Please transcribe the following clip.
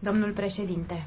Domnule președinte.